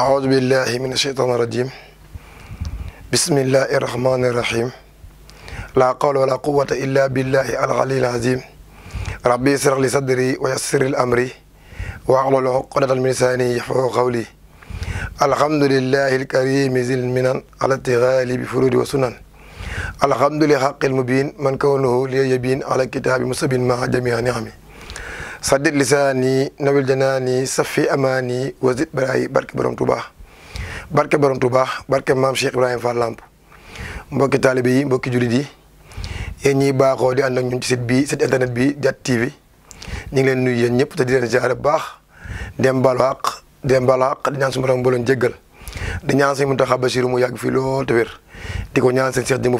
أعوذ بالله من الشيطان الرجيم بسم الله الرحمن الرحيم لا قول ولا قوة إلا بالله العلي العظيم ربي يسر لي صدري ويسر الأمر واحلل عقدة من لساني يحفظ قولي الحمد لله الكريم ذي المنن على التغالي بفروج وسنن الحمد لله حق المبين من كونه ليبين على كتاب مصب مع جميع نعمه sadid lisani nawil janani safi amani wazid barayi barke borom touba barke borom touba barke mam cheikh ibrahim fallamp mbokki talibi mbokki julidi yi yéen ñi baaxoo di ànd ak ñun ci site bi site internet bi jat TV ñi ngi leen nuy yeen ñep te di leen ziare bu baax dem balu àq dem balu àq di ñaan su borom bolon jéggal di ñaan sëñ muntaha bashir mu yag fi lool te wer di ko ñaan seen cheikh Jëmbu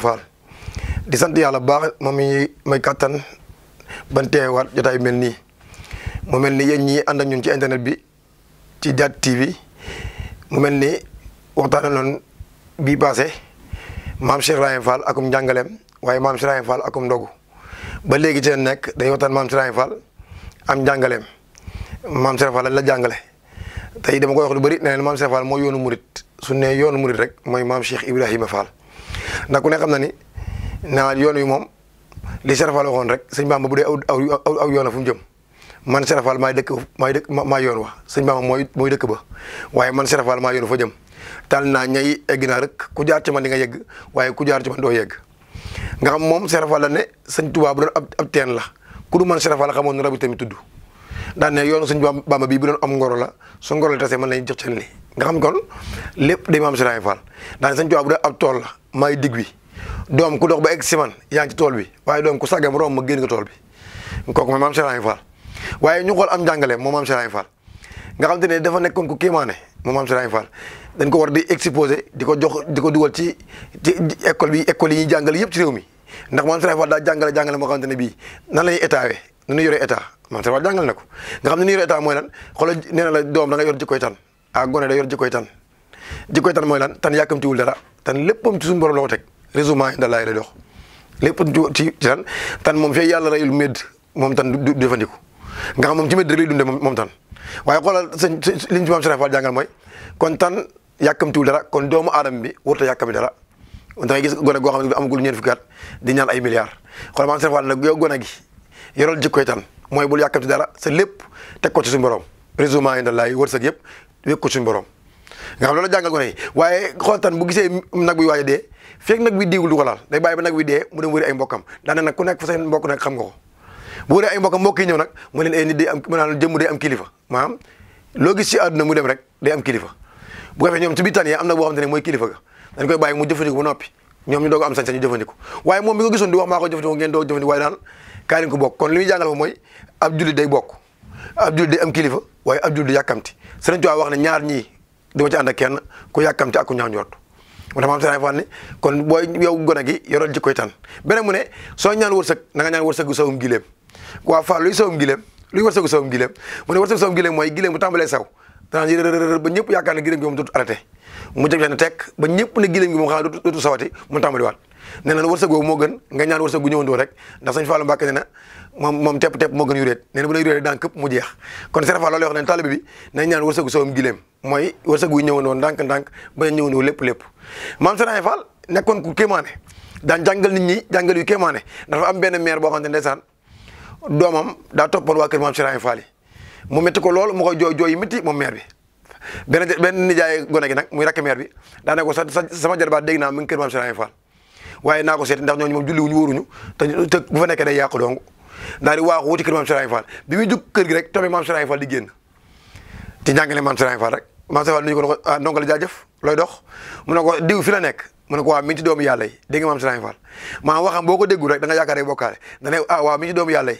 di sante yalla baax moom may katan ban teewaat jotay melni mu mel ni yéen ñii ànd ak ñun ci internet bi ci DAT TV mu mel ni waxtaan noonu bii passé maam Cheikh akum njàngaleem waaye maam Cheikh Ibrahima Fall akum ndogu ba léegi ci nekk dañuy waxtaan maam Cheikh Ibrahima Fall am njàngaleem maam Cheikh Fall lañ la jàngale tey dama koy wax lu bari nee na maam Cheikh Fall mooy yoonu murit su ne yoonu murit rek mooy maam Cheikh Ibrahima Fall ndax ku ne xam na ni naa yoon wi moom li Cheikh Fall waxoon rek sëñ Bamba bu dee aw aw yoona fu mu jëm. man serafal may dekk may dekk ma yoon wa sëñ Bamba moy moy dekk ba waye man serafal ma yoon fa jëm tal nanyai ñay egg naa rek ku jaar ci man di nga yegg waye ku jaar ci man do yegg nga xam mom serafal la ne sëñ tuba bu doon ab ten la ku du man serafal fal, xamoon rabbi tammi tuddu da daan ne yoonu sëñ Bamba bi bu doon am ngoro la su ngoro tassé man lay jox ci ni nga xam kon lepp de serafal Fall da ne bu ab tol la may dig wi dom ku dox ba egg ci man yaa ngi ci bi waye dom ku sagam rom ma génn nga tol bi ko ko mam serafal Fall waaye ñu xool am njàngale moom maam Serigne Fall nga xam te ne dafa nekkoon ku kéemaane moom maam Serigne Fall dañ ko war di exposé di ko jox di ko dugal ci ci école bi école yi ñuy jàngale yëpp ci réew mi ndax maam Serigne Fall daa jàngale jàngale moo xamante ne bii nan la ñuy étawee nu ñu yoree état maam Serigne Fall jàngale na ko nga xam ne nu ñu yoree état mooy lan xoolal nee na la doom da nga yor jikkoy tan ah gone da yor jikkoy tan jikkoy tan mooy lan tan yàkkamtiwul dara tan léppam ci suñu borom la ko teg résumé da laay lay dox lépp ci ci tan tan moom fii yàlla rayul médd moom tan du jëfandiku nga xam moom ci mbedd rek lay dundee moom tan waaye xoolal sëñ li ñu ci maam Cheikh Fall jàngal mooy kon tan yàkkamtiwul dara kon doomu aadama bi warut a yàkkami dara da ngay gis gone goo xam ne bi amagul ñeent fukki at di ay milliards xoolal maam Cheikh Fall gone gi yorol jikkoy tan mooy bul yàkkamti dara sa lépp teg ko ci suñu borom résoulement yi da laay wërsëg yëpp wékk ko suñu borom nga loolu jàngal yi waaye xool tan bu gisee nag buy waaj a dee fekk nag bi diwul du ko laal day bàyyi ba nag bi dee mu dem wëri ay mbokkam daane nag ku nekk fa seen mbokk nak xam nga ko bu dee ay mbokk mbokk yi ñëw nag mu leen ay nit day am mu naan kilifa maanaam loo gis ci àdduna mu dem rek am kilifa bu ko defee ci biir tànn am na boo xamante ne mooy kilifa ga dañ koy bàyyi mu noppi ñoom ñu doog am sañ-sañ ñu moom mi ko gisoon di wax maa ko jëfandiku ngeen doog jëfandiku waaye daal kaay ko bokk mooy ab day bokk ab jullit day am kilifa waaye ab jullit du yàkkamti Sëriñ Tuubaa wax ne ñaar ñi dama ci ànd ak kenn ku yàkkamti ak ku ñaaw njort moo tax ma am seen fan ni kon booy yow gone gi yoral jikkoy tan beneen mu ne soo ñaan wërsëg na nga ñaan wërsëg sa sawum gileem quoi faal luy sawam gileem luy warsagu sawam gileem mu ne warsagu gileem mooy gileem bu tàmbalee saw danaan yërërër ba ñëpp yaakaar ne gileem gi moom dootu arrêté ba ñëpp ne gileem gi moom xanaa dootu sawati mu tàmbaliwaat nee na warsag boobu moo nga ñaan warsag gu ñëwandoo rek ndax sëñ Fallou Mbacke nee na moom moom tepp tepp moo gën yu réet nee na bu lay réet daan këpp mu jeex kon Serigne Fallou loolu wax ne taalibe bi nañ ñaan warsagu sowam gileem mooy warsag yu ñëwandoo ndànk ndànk ba ñu ñëwandoo lépp lépp maam Serigne Fall nekkoon ku kéemaane daan jàngal nit ñi jàngal yu kéemaane dafa am benn maire boo xam ne ndeysaan doomam daa toppoon waa kër maam Serigne Fall mu métti ko lool mu koy jooy jooy yi métti moom maire bi benn benn nijaay gone gi nag muy rakk maire bi daane ko sa sama jarbaat dégg naa mi ngi kër maam Serigne Fall waaye naa ko seeti ndax ñooñu moom julli wuñu wóoruñu te bu fa nekkee day yàqu dong daal di kër gi rek tamit maam Serigne Fall di génn ci njàngale maam Serigne Fall rek maam Serigne Fall ah, looy dox mu ne ko diw fi la nekk mu ne ko waaw mi ngi ci boo ko déggul rek da nga yaakaar bokkaale da ne ah waaw mi yàlla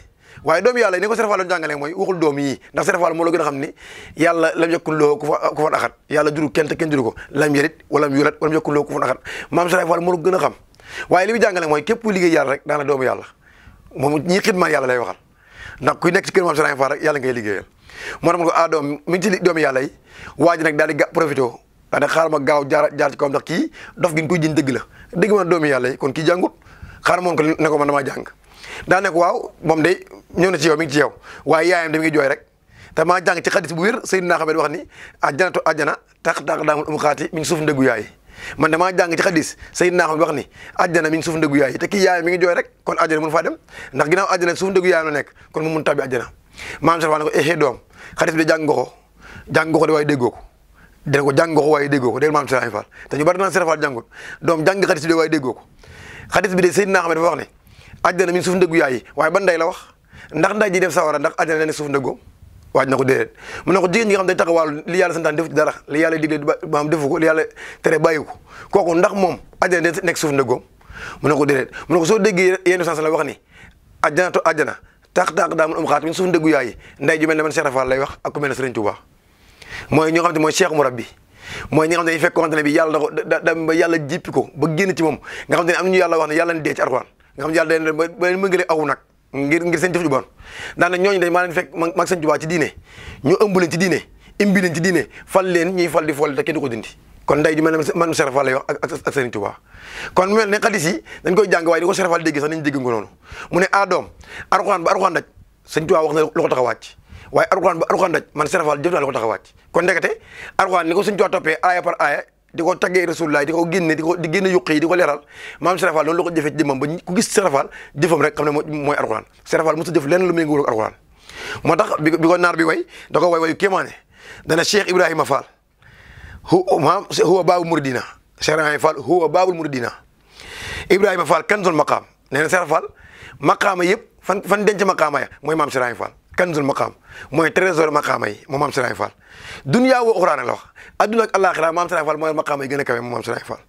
waaye doom yàlla ni ko serafal doon jàngalee mooy waxul doom yi ndax serafal moo la gën a xam ni yàlla lam yokkun loo ku fa ku yàlla juru kenn kent kenn juru ko lam yerit wala mu yulat wala mu yokkun loo ku fa axat maam serafal moo la a xam waaye li mu jàngale mooy képp ku liggéey yàlla rek daana doomu yàlla moom ñi xidmaal yàlla lay waxal ndax kuy nekk ci kër maam serafal rek yàlla ngay liggéeyal moo tax ko ah, doom mi ngi ci doomu yàlla yi waa ji nag daal di ga profité ma gaaw jaar jaar ci kawam ndax kii dof gi ñu koy jën dëgg la dëgg ma doomu yàlla yi kon kii jàngut xaar moon ko ne ko man damaa daa nekk waaw moom de ñëw na ci yow mi ngi ci yow waaye yaayam da mi ngi jooy rek ta maa jàng ci xadis bu wér Seydina Xamed wax ni ajjanatu ajjana tax daax daamul um xaati mi ngi suuf ndëggu yaay man damaa jàng ci xadis Seydina Xamed wax ni ajjana mi ngi suuf yaay te kii yaayam mi ngi jooy rek kon ajjana mun faa dem ndax ginnaaw ajjana suuf nekk kon mu mun tabbi ajjana maam Serap ne ko eh, eh doom xadis ko jàng nga ko ko dina ko jàng nga ko waaye déggoo ko dégg ñu bari naan Serap Fall jàngul doom jàng xadis bi de waaye déggoo bi de Seydina Xamed wax ne àjjana mi suuf ndëggu yaay waaye ban nday la wax ndax nday ji def sawara ndax àjjana la ne suuf ndëggoo waaj na ko déedéet mu ne ko jigéen ñi nga xam day taxawaalu li yàlla santaan def ci dara yàlla digle maanaam defu ko li yàlla tere ko kooku moom àjjana day nekk suuf ndëggoom mu ne ko déedéet mu ne ko soo déggee yenn la wax ni àjjana to àjjana tax tax daa mun am xaat min suuf ndëggu yaay nday ju mel ne man Cheikh Rafal lay wax ak ku mel ne Serigne mooy ñoo xam ne mooy Cheikh Mourabbi mooy ñi nga xam ne fekkoonte ne bi yàlla da ko da ba jippi ko ba génn ci moom nga xam te ne am nañu yàlla wax ne yàlla ni ar ci Alxuraan nga xam ne yàlla dañ leen mëngale aw nag ngir ngir seen jëf ju bon daan na ñooñu dañ maa jubaa ci diine ñu ëmb leen ci diine imbi leen ci diine fal leen ñuy fal di foole te kenn du ko dindi kon nday ju mel ne man Cheikh Fall lay wax ak ak kon mel ne xadis yi dañ koy jàng waaye di ko Cheikh Fall dégg sax nañu dégg nga noonu mu ne a doom Alxuraan ba Alxuraan daj Serigne na lu ko tax a wàcc waaye Alxuraan ba Alxuraan daj man Cheikh Fall jëf naa lu ko tax a wàcc kon ndekete Alxuraan ni ko Serigne Touba toppee di ko taggee rasulullah di ko génne di ko di génne yuq yi di ko leeral maam Cheikh Fall loolu la ko jëfee ci jëmmam ba ku gis Cheikh Fall jëfam rek xam ne mooy alquran Cheikh Fall mosu def lenn lu méngóol ak alquran moo tax bi ko naar bi way da ko way wayu kéemaane dana Cheikh Ibrahima Fall huwa huwa baabul muridina Cheikh Ibrahima Fall huwa baabul muridina Ibrahima Fall kanzul maqaam nee na Cheikh Fall maqaama yëpp fan fan denc maqaama ya mooy maam Cheikh Ibrahima Fall kanzul mooy trésor maqaama yi moo maam Cheikh Ibrahima Fall dunya wa ukhra la wax aduna ak alakhira mam Serigne Fall moy maqam yi gëna kawé maam Serigne Fall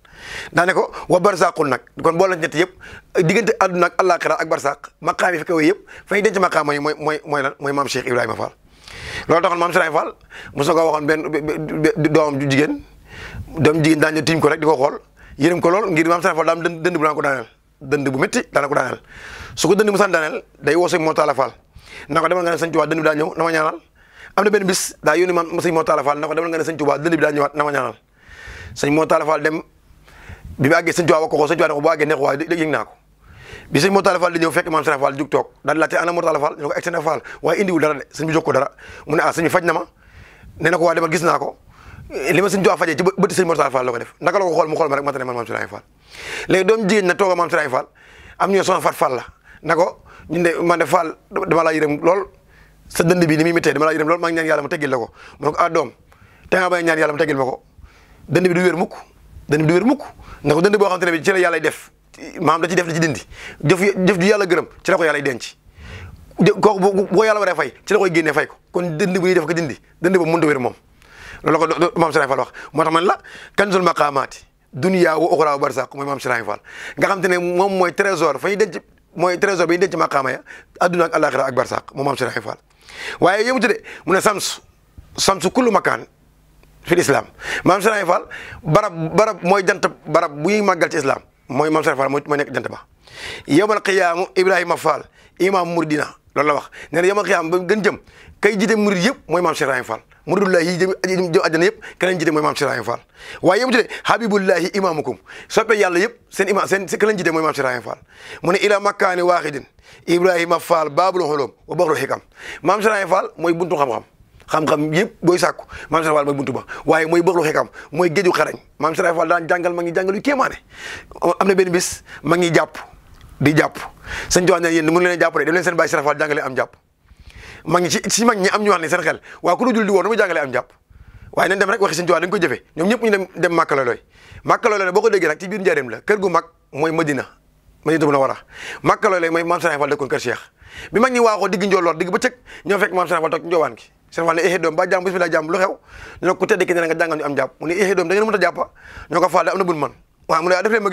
da ko wa barzaqul nak kon bo la ñett yépp digënté aduna ak alakhira ak barzaq maqam yi fi kawé yépp fay denc maqam yi moy moy moy lan moy mam Cheikh Ibrahima Fall lo taxon mam Serigne Fall musu ko waxon ben doom ju jigen doom jigen dañu tim ko rek diko xol yërem ko lol ngir mam Serigne Fall dam dënd bu lan ko daal dënd bu metti dana ko daal su ko dënd mu san daal day wosé mo taala Fall nako dama nga señ wa dënd da ñew dama ñaanal am na benn bis daa yónni man sëñ Mor Talla Fall ko demal nga ne sëñ Touba dënd bi daa ñëwaat na ma ñaanal sëñ dem bi mu àggee sëñ Touba wax ko ko sëñ Touba ne ko bu àggee neex waaye naa ko bi sëñ Mor Talla Fall di ñëw fekk maam Serap ko egg Serap Fall indiwul dara de sëñ bi jox ko dara mu ne ah sëñ bi ma nee na ko waa demal gis naa ko li ma sëñ Touba fajee ko def naka la mu xool ma rek ma maam Serap Fall léegi doom jigéen na toog a maam Serap Fall am ñu ne na ko ñun de man de Fall dama lool sa dënd bi ni muy méttee dama laa yërëm loolu maa ngi ñaan yàlla mu teggil la ko mu ne ko ah doom te nga bay ñaan yàlla mu teggil ma ko dënd bi du wér mukk dënd bi du wér mukk ndax dënd boo xam te ne bi ci la yàlla def maanaam da ci def da ci dindi jëf jëf ju yàlla gërëm ci la ko yàlla denc kooku bu ko yàlla waree fay ci la koy génnee fay ko kon dënd bu ñuy def ko dindi dënd boobu mënut a wér moom loolu ko maam Sëriñ Fall wax moo tax man la kanzul maqaamaati dunya wa uxra wa barzaq mooy maam Sëriñ Fall nga xam te ne moom mooy trésor fa ñu denc mooy trésor bi ñu denc maqaama ya adduna ak alaxira ak barzaq moom maam Sëriñ Fall waaye yëngu ci de mu ne Samsu Samsu kullu makaan fi islam maam Serigne Fall barab barab mooy jant barab bu ñuy màggal ci islam mooy maam Serigne Fall mooy nekk jant ba. yawmal qiyaamu Ibrahima faal imam Muridina loolu la wax nee na yawmal qiyaam ba gën jëm kay jiite murid yëpp mooy maam Serigne Fall muridullahi yi jëm jëm àjjana yëpp keneen jiite mooy maam Serigne Fall. waaye yëngu ci de yàlla yëpp seen imaam seen keneen jiite mooy maam Serigne Fall mu ne ila makaani waaxidin Ibrahima Fall baabul xolom wa baxru xikam maam Sëriñ Fall mooy buntu xam-xam xam-xam yëpp booy sàkku maam Sëriñ Fall mooy buntu ba waaye mooy baxru xikam mooy géeju xarañ maam Sëriñ Fall daan jàngal ma ngi jàngal yu kéemaane am na benn bis ma ngi jàpp di jàpp sëñ Tuubaa ne yéen mënu leen jàpp de def leen seen bàyyi Sëriñ Fall jàngale am jàpp ma si mag am ñu wax ne waa ku lu jul di woon nu mu jàngalee am jàpp waaye nañ dem rek waxi sëñ Tuubaa dañ ko jëfe ñoom ñëpp ñu dem dem Màkka Loloy Màkka Loloy boo ko déggee nag ci biir njaareem la kër gu mag mooy Madina Madina la war a Makka loolee mooy maam Serigne Fall dëkkoon kër Cheikh bi mag ñi waaxoo digg njooloor digg bëccëg ñoo fekk maam Serigne Fall toog eh, am eh, da a na bun man waaw mu ne def leen ma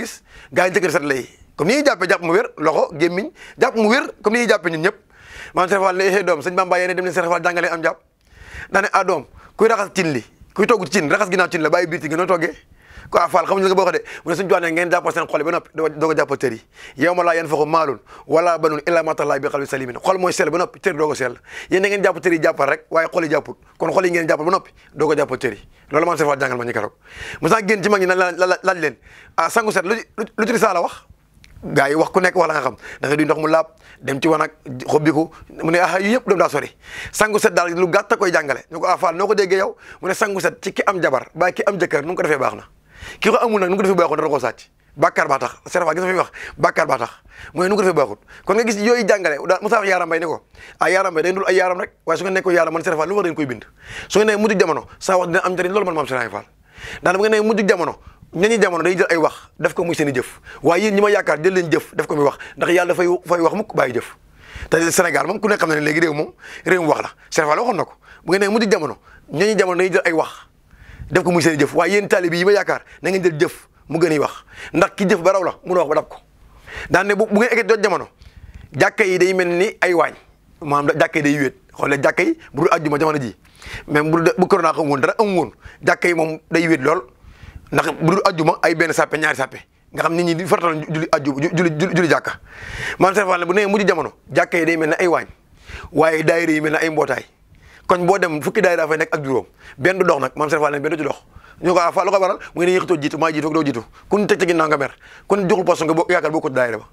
gaa yi njëkkër lay comme ni ñuy jàppee jàpp mu wér loxo gémmiñ jàpp mu wér comme ni ñuy jàppee ñun ñëpp maam Serigne Fall ne ehe doom sëñ Bamba dem leen Serigne Fall jàngalee am jàpp daane ah doom kuy raxas cin li togg cin raxas ginnaaw cin la bàyyi biir ci nga quoi Fall xamuñu la ko boo de mu ne suñu joxee ngeen jàppal seen xol ba noppi doog a jàppal tër yi yow ma laa yan faxu maalun wala banun illaa maa tallaa bi qalbin salimin xol mooy sell ba noppi tër doog a sell yéen da ngeen rek waaye xol yi kon xol ngeen jàppal ba noppi doog a loolu maam Serigne Fall jàngal ma ñu keroog mosaa génn ci mag ñi laaj leen ah, sangu set lu ci risaala wax gaa yi wax ku nekk wax la nga xam mu laab dem ci wanag ko mu ne ah, ah, ba ki ki ko amul nag nu ko defee baaxul dara koo sàcc bàkkaar baa tax serfa gis nga fi wax bàkkaar baa tax mooy nu ko defee baaxul kon nga gis yooyu jàngale daal Moussa wax Yaram Mbaye ne ko ah Yaram Mbaye day dul ay Yaram rek waaye su nga nekkoon Yaram man serfa lu war dañ koy bind su nga ne mujj jamono saa wax dina am njëriñ loolu man maam Serigne Fall daal bu nga ne mujj jamono ñañu jamono day jël ay wax def ko muy seen i jëf waaye yéen ñi ma yaakaar jël leen jëf def ko muy wax ndax yàlla dafay fay wax mukk bàyyi jëf te Sénégal moom ku ne xam ne léegi réew moom réew mu wax la Serigne Fall waxoon na ko bu nga ne mujj jamono ñañu jamono day jël ay wax def ko muy seen jëf waaye yéen taalibe yi ma yaakaar na ngeen jël jëf mu gën a wax ndax ki jëf ba raw la mun a wax ba dab ko daan ne bu bu ngeen eggee jot jamono yi day mel ni ay waañ maanaam jàkka day wéet xool leen yi bu dul àjjuma jamono ji même bu bu corona ko woon dara amu woon jàkka yi moom day wéet lool ndax bu dul àjjuma ay benn sàppe ñaari sàppe nga xam nit ñi di fartal julli àjjuma julli julli jàkka maanaam seen fan la bu nee mujj jamono jàkka yi day mel ni ay waañ waaye daayira yi mel ni ay mbootaay kon bo dem fukki daayira fay nek ak djuroom nak, du dox nak mam Cheikh Fall ben du ci dox ñu ko ah, fa lu ko waral mu ngi yëkkatoo djitu ma djitu ak do djitu kun tecc gi ginnaaw nga mer kun djoxul poste nga bokk yaakaar daayira ba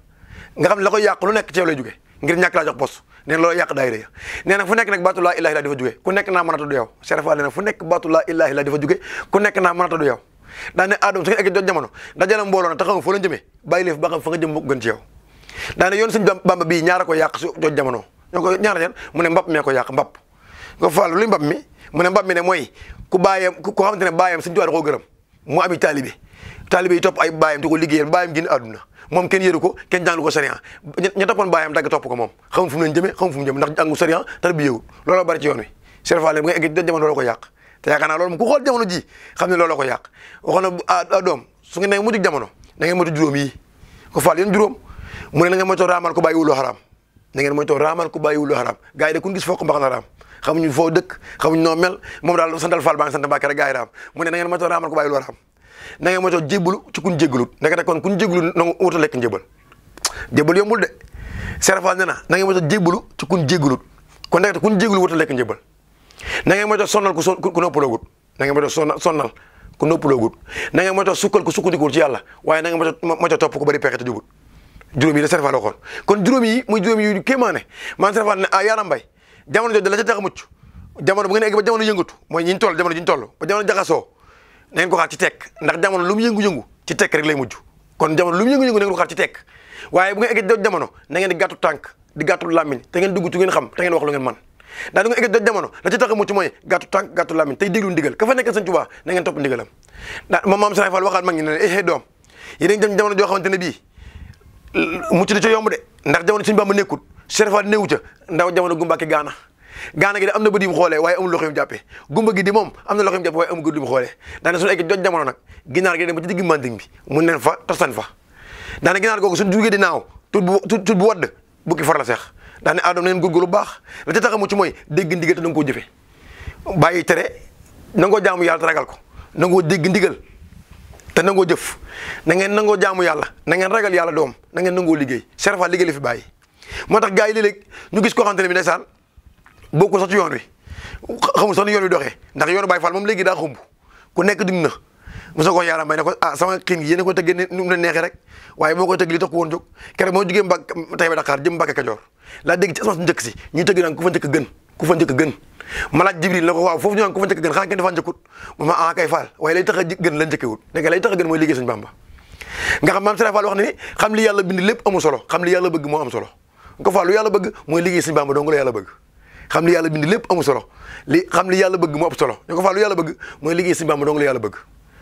nga xam la koy lu nek ci lay ngir ñak la jox poste neen lo daayira ya nee na fu nek nak baatu ilahi la difa dafa ku nek na mën du tudd yow Cheikh fu nek baatu ilahi la difa dafa ku nek na mën du yow ne adam su ak egg jamono da jala mbolo na taxaw fu la jeme bàyyi leen ba xam fa nga jëm gën ci yow da ne yoon suñ bamba bi ñaara ko su jamono ñoko ñaara mu ne mbap me ko mbap ko faal luy mbab mi mu mbab mi ne mooy ku bàyyam ku xamante ne bàyyam suñu tubaab ko koo gërëm mu ami taalibe taalibe yi topp ay bàyyam di ko liggéeyal bàyyam génn àdduna moom kenn yëru ko kenn jàngalu ko sariya ña toppoon bàyyam dagg topp ko moom xam fu mu leen jëmee xam fu mu jëm ndax jàngu sariya tar bi yëwul looloo bari ci yoon wi Cheikh Fall nga egg jamono loolu ko yàq te yaakaar naa loolu mu ku xool jamono ji xam ne loolu ko yàq waxoon na ah, ah, doom su ngeen ne mujj jamono na mu ne na ngeen moytoo raamal ko bàyyiwuloo xaraam na ngeen moytoo raamal ko bàyyiwuloo xaraam gars yi xamuñu foo dëkk xamuñu noo mel moom daal santal Fall baa ngi sant Mbàkke rek gaa yi raam ne na ngeen moytoo raamal ku bàyyi lu raam na ngeen moytoo jébbalu ci kun jéggalut naka nag kon kun jéggalut nangu wuta lekk de serafal ne na na ngeen moytoo jébbalu ci kun jéggalut kon nag kun jéggalu wuta lekk njébal na ngeen moytoo sonnal ku ku noppaloogut na ngeen moytoo sonna sonnal ku noppaloogut na ngeen moytoo sukkal ku sukkandikuwul ci yàlla waaye na ngeen moytoo topp ko bari pexe te jugut juróom yi da serafal waxoon kon juróom yi muy juróom yi kéemaane man serafal ne ah yaaram mbay jamono jooju la ca tax a mucc jamono bu ngeen egg ba jamono yëngatu mooy ñi ñu toll jamono ji ba jamono jaxasoo na ngeen ko xaar ci tekk ndax jamono lu mu yëngu-yëngu ci tekk rek lay mujj kon jamono lu mu yëngu-yëngu na ko xaar ci tekk waaye bu ngeen egg jot jamono na ngeen di gàttu tànk di gàttu làmmiñ te ngeen dugg tu ngeen xam te ngeen wax lu ngeen man ndax du ngeen egg la ca tax mucc mooy gàttu tànk gàttu làmmiñ tey déglu ndigal ka fa nekk sëñ Tuubaa na ngeen topp ndigalam ndax moom maam ne eh doom yéen a ngi dem jamono joo xamante ne bii mucc da Chérif neew néewu ca ndaw jamono gumba gumbaake gana gana gi da amna na xolé waye mu xoolee waaye amul loxo yu gumba gi di mom amna loxim jappé waye mu jàppee waaye amul gët yu mu xoolee daanaka suñu egg jot jamono nak ginaar gi dem ci digg manding bi mu nen fa tosan fa dana ginaar googu suñ duggé dinaaw tut tut bu wad bu ki far la seex daanaka aadama neen lu bax la ca taxamu ci moy dégg ndigal ta nango jëfé koo téré nango jaamu yalla ragal ko nango dégg ndigal ta nango jëf na ngeen nango jaamu yalla na ngeen ragal yalla doom na ngeen nango liggéey Chérif liggéey fi bàyyi moo tax gars yi léeg ñu gis koo xamante ne bi ndeysaan bokkul sax ci yoon wi xamul sax ni yoon wi doxee ndax yoonu Baye Fall moom léegi daa xumb ku nekk dugg na mosoo ko yaaram bay ne ko ah sama gi yéen a ko tëggee nu mu la neexee rek waaye moo koy tëgg li tax ko woon jóg keroog moo jógee Mbàkke tey ba Dakar ku fa njëkk gën ku fa njëkk gën ko waaw foofu ñu naan ku fa njëkk gën xanaa kenn dafa njëkkut mu ma ah kay faal waaye lay tax a gën la njëkkewut nekk lay tax a gën mooy liggéey Sëñ Bàmba nga xam maam Sëriñ Fall wax ne xam li yàlla bind lépp amu solo xam li yàlla bëgg moo am nga faa lu yàlla bëgg mooy liggéey Sëñ Bamba dong la yàlla bëgg xam li yàlla bind lépp amul solo li xam li yàlla bëgg moo ëpp solo ñu ko faa lu yàlla bëgg mooy liggéey Sëñ Bamba dong la yàlla bëgg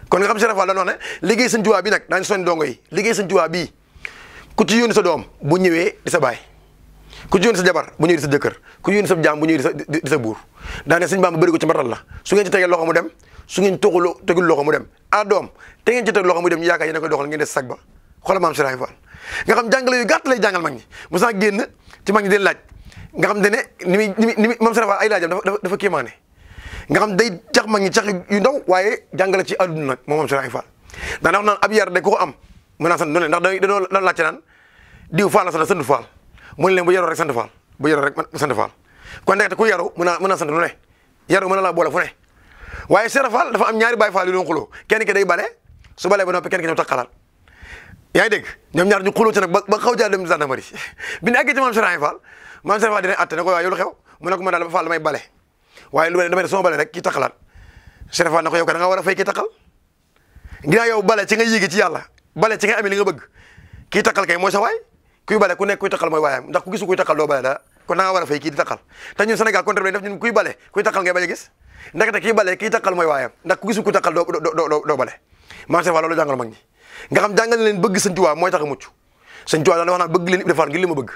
kon nga xam Cheikh Fall dañoo ne liggéey Sëñ Tuubaa bi nag daañu soñ dongo yi liggéey Sëñ Tuubaa bii ku ci yónni sa doom bu ñëwee di sa baay ku ci yónni sa jabar bu ñëwee di sa jëkkër ku ci yónni sa jaam bu ñëwee di sa di sa buur daane Sëñ Bamba bëri ko ci mbatal la su ngeen ci tegee loxo mu dem su ngeen tegul tegul loxo mu dem ah doom te ngeen ci teg loxo mu dem ñu yaakaar yéen a koy doxal ngeen des sag ba xoolal maam Cheikh Fall nga xam jàngale yu gàtt lay jàngal mag ñi mu sax génn ci mag ñi di laaj nga xam te ne ni muy ni muy maam Cheikh Fall ay laajam dafa dafa kéemaane nga xam day cax mag ñi cax yu ndaw waaye jàngale ci àdduna nag moom maam Cheikh Fall daanaka wax yar de ku ko am mën naa sant noonu ndax dañoo dañoo laajte naan diw Fall la sant sant Fall mu ne leen bu yaroo rek sant Fall bu yaroo rek sant Fall kon ndekete ku yaru mën naa mën na laa boole fu ne waaye Cheikh Fall dafa am ñaari Baye Fall yu doon xuloo kenn ki day bale su balee ba noppi kenn ki ñëw yaay deg ñom ñaar ñu xulu ci nak ba ba xaw jaa dem gendarmerie bi ñu agge ci mam Serigne Fall mam Serigne Fall dina atté ne ko lu xew mu ne ko dal ba Fall may bale waye lu def sama balé rek kii taxalaat Serigne Fall ne yow ka nga wara fay ki takal ginnaaw yow bale ci nga yegi ci yalla bale ci nga amee li nga bëgg ki taxal kay moy sa way kuy bale ku nekk kuy taxal moy wayam ndax ku gisu kuy taxal do balé la ko na nga fay ki di taxal ta ñun Sénégal contre def ñun kuy bale kuy takal ngay baña gis gis ta ki bale ki takal moy wayam ndax ku gisu kuy do do do do bale mam Serigne Fall lolu jangal mag ni nga xam jàngal leen bëgg sëñ Tuubaa mooy tax a mucc sëñ Tuubaa daana wax naan bëgg leen Ibra Faal ngir li ma bëgg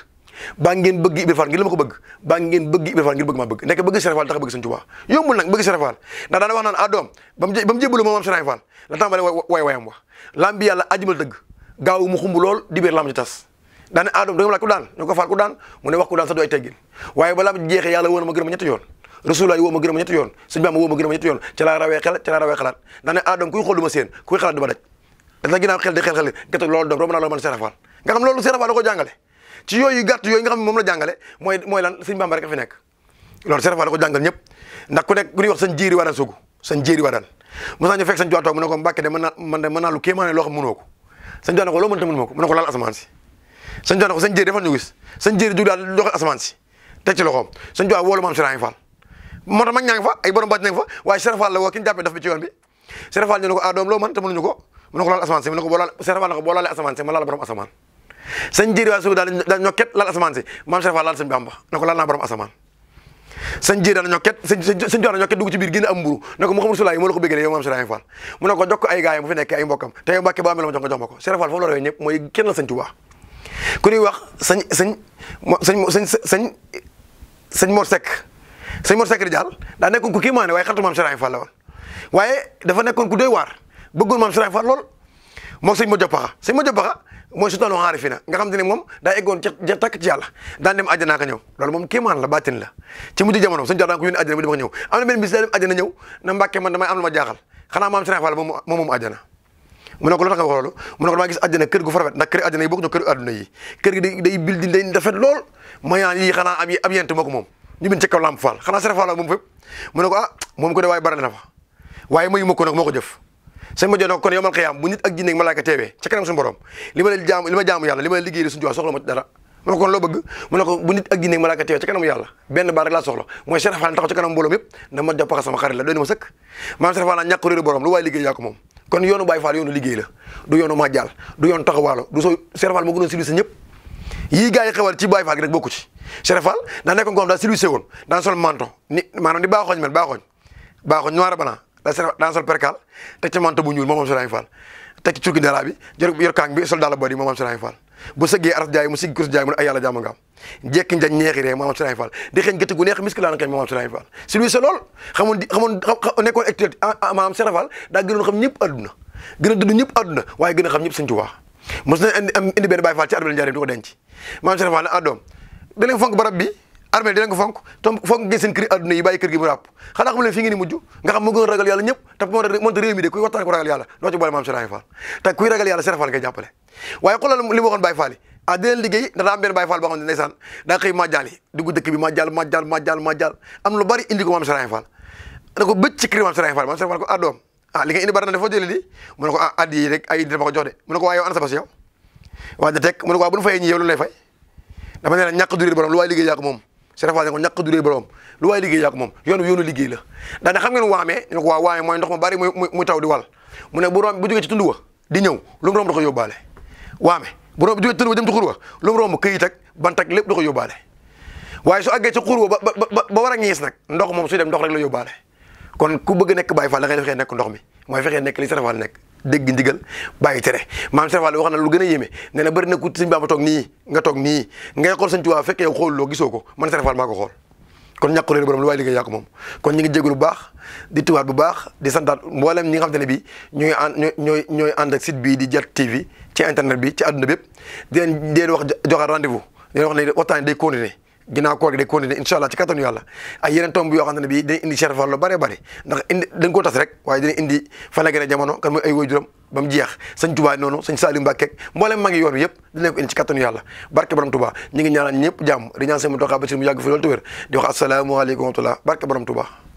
baa ngeen bëgg Ibra Faal ngir li ma ko bëgg baa ngeen bëgg Ibra Faal ngir bëgg maa bëgg nekk bëgg Cheikh Fall tax bëgg sëñ Tuubaa yombul nag bëgg Cheikh Fall ndax daana wax naan ah doom ba mu ba mu jébbalu moom am Cheikh Fall la tàmbale waay waayam wax lam bi yàlla ajumal dëgg gaaw mu xumb lool di biir lam ci tas daane ah doom da nga laaj ku daan ñu ko faal ku daan mu ne wax ku daan sax du ay teggin waaye ba lam jeexee yàlla woon ma gërëm ñetti yoon rasulaay woo ma gërëm ñetti yoon sëñ Bamba woo ma gërëm ñetti yoon ca laa rawee xel ca laa rawee xalaat daane ah doom kuy xool du ma seen kuy xalaat du ma daj da gina xel di xel xel nga lool do romana man serafal nga xam loolu serafal da ko jàngale ci yu gatt yoy nga xam mom la jàngale moy moy lan sëñ bamba rek fi nek lool serafal da ko nyep. ñëpp ndax ku nek ku ñu wax sëñ jéeri waral sugu sëñ jéeri waral mos ñu fek sëñ jottok mu ne ko de man man de mën naa lu kéemaane loo xam mënoo ko jottok lo mën ta mënuma ko mu ne ko laal si sëñ jottok sëñ jéeri defal ñu gis sëñ jéeri jug daal si ci fall fa ay borom fa way serafal la wo kin jappé daf bi ci yoon bi serafal ñu ko ah mën mu ne ko laal asamaan si mu ne ko boo laal Cheikh Fall ne ko boo laalee asamaan si ma laal borom asamaan sëñ Jiri waa suuf daal daal ñoo ket laal asamaan si maam Cheikh Fall laal sëñ Bamba ne ko laal naa borom asamaan sëñ Jiri daal ñoo ket sëñ sëñ Joor ñoo ket dugg ci biir génn am mburu ne ko Mouhamadou Soulaye moo la ko bëggee yow maam Cheikh Fall mu ne ko jokk ay gaay mu fi nekk ay mbokkam te yow Mbàkke ba amee la ma jox nga jox ma ko Cheikh Fall foofu la royee ñëpp mooy kenn la sëñ Tuubaa ku ñuy wax sëñ sëñ sëñ sëñ sëñ Mor Seck sëñ Mor Seck di daal daa nekkoon ku kii maa ne waaye xaritu maam Cheikh Fall la woon waaye dafa nekkoon ku doy waar bëggoon maam Sëriñ Fall lool moom sëñ Modou Paxa sëñ Modou Paxa mooy sultaanu xaarifiina nga xam te ne moom daa eggoon ca tàkk ci yàlla daan dem àjjana ka ñëw loolu moom kéemaan la baatin la ci mujj jamono sëñ Tuubaa daan ko yónni àjjana mu dem ak ñëw am na benn bis daa dem àjjana ñëw na Mbàkke man damay am lu ma jaaxal xanaa maam Sëriñ Fall moom moom àjjana mu ne ko lu tax nga wax loolu mu ne ko damaa gis àjjana kër gu fa rafet ndax kër àjjana yi bokk na kër àdduna yi kër gi day bil di day rafet lool mayaan yi xanaa am ab yent moo ko moom ñu bin ci kaw Lamp Fall xanaa Sëriñ Fall moom fépp mu ne ko ah moom ko de waaye bare na fa waaye mayu ma ko nag moo ko jëf sama jono kon yomal qiyam bu nit ak jinne ak malaika teewé ci kanam sun borom lima leen lima jam yalla lima liggéey sun jowa soxlo ma dara mo kon lo bëgg mo ne ko bu nit ak jinne ak malaika teewé ci kanam yalla benn bar rek la soxlo moy cheikh rafal taxaw ci kanam mbolom yépp na ma jappa sama xarit la doon ma sëkk ma cheikh rafal ñak reeru borom lu way liggéey yak mom kon yoonu bay faal yoonu liggéey la du yoonu ma jall du yoonu taxawalo du so cheikh rafal mo gënon civilisé ñëpp yi gaay xewal ci bay faal rek bokku ci cheikh da nekkon da won da sol manto ni manam di baxoñ mel baxoñ baxoñ noir blanc daa sol perkaal teg ci mante bu ñuul moom am Serigne Fall teg ci curki dara bi yor kaang bi sol daal body moom am Serigne bu sëggee aras mu siggi kurus mu ne ay nga jekki njañ neexi ree moom am di xeeñ gëtt gu neex miski laa na xeeñ si lui sa lool xamoon nekkoon actualité ah, ah, maanaam Serigne Fall daa gënoon xam ñëpp adduna gën a dund ñëpp adduna waaye gën a xam ñëpp Serigne Touba mos na indi benn Baye Fall ci arbel njaarim di armée di nga fonk tom fonk ngeen seen kër aduna yi baye kër gi mu rap xana xam leen fi ngi ni muju nga xam moo gën a ragal yàlla ñëpp te mo réew mi de kuy waxtan ko ragal yalla do ci boole maam Serapha Fall ta kuy ragal yalla cheikh Fall ngay waye waaye la li ma waxoon Baye Fall yi ah liggey da liggéey am benn Baye Fall boo xam ne ndeysaan daa xëy majjaal yi dugg dëkk bi ma jall ma jall am lu bari indi ko maam Serapha Fall da ko becc ci kër mam Serapha Fall mam cheikh Fall ko adom ah, ah li nga indi bari na dafa jële di mu ne ko ah addi rek ay dama ko jox de mu ne ko waa ana sa bas yow wa da tek mu ne ko waa ah, bu ñu fayee ñi yow lu lay fay dama ne la ñàkk durir borom lu way liggey yak mom Serap Fall ne ko ñàkk a duree borom lu waaye liggéey yaa ko moom yoon bi liggéey la daanaka xam ngeen waamee ñu ne waa waamee mooy ndox mu bari muy muy taw di wal mu ne bu romb bu jógee ci tund wa di ñëw lu mu romb da ko yóbbaale waame bu romb bu jógee ci tund wa dem ci xur wa lu mu romb këyit ak bant ak lépp da ko yóbbaale waaye su àggee ci xur wa ba ba ba war a ñiis nag ndox moom su dem ndox rek la yóbbaale kon ku bëgg nekk Baye Fall da ngay fexee nekk ndox mi mooy fexee nekk li Serap Fall dégg ndigal bàyyi tere maam Cheikh Fall wax na lu gën a yéeme nee na bëri na ku sëñ Bamba toog nii nga toog nii ngay xool sëñ Tuubaa fekk yow xooluloo gisoo ko man Cheikh Fall maa ko xool kon ñàkku réer borom lu waaye liggéey yàqu moom kon ñu ngi jégalu bu baax di tuwaat bu baax di santaat mboolem ñi nga xam te ne bi ñu ngi ànd ñooy ñooy ànd ak site bii di Jet TV ci internet bi ci àdduna bépp di leen di leen wax joxaat rendez-vous di leen wax ne waxtaan day continuer ginnaaw koor gi day continuer incha allah ci kattanu yàlla ay yeneen tomb yoo xam ne bii day indi Cheikh Fall bare bare ndax indi dañ ko tas waaye dina indi fan la gën a ay waajuram ba mu jeex sëñ Touba noonu sëñ Saliou Mbacke mboolem maa ngi yoon yëpp dinañ ko indi ci kattanu yàlla barke borom Touba ñu ngi ñaanal ñëpp jàmm di ñaan seen ba ci mu yàgg fi loolu te wér di wax asalaamaaleykum wa rahmatullah barke borom Touba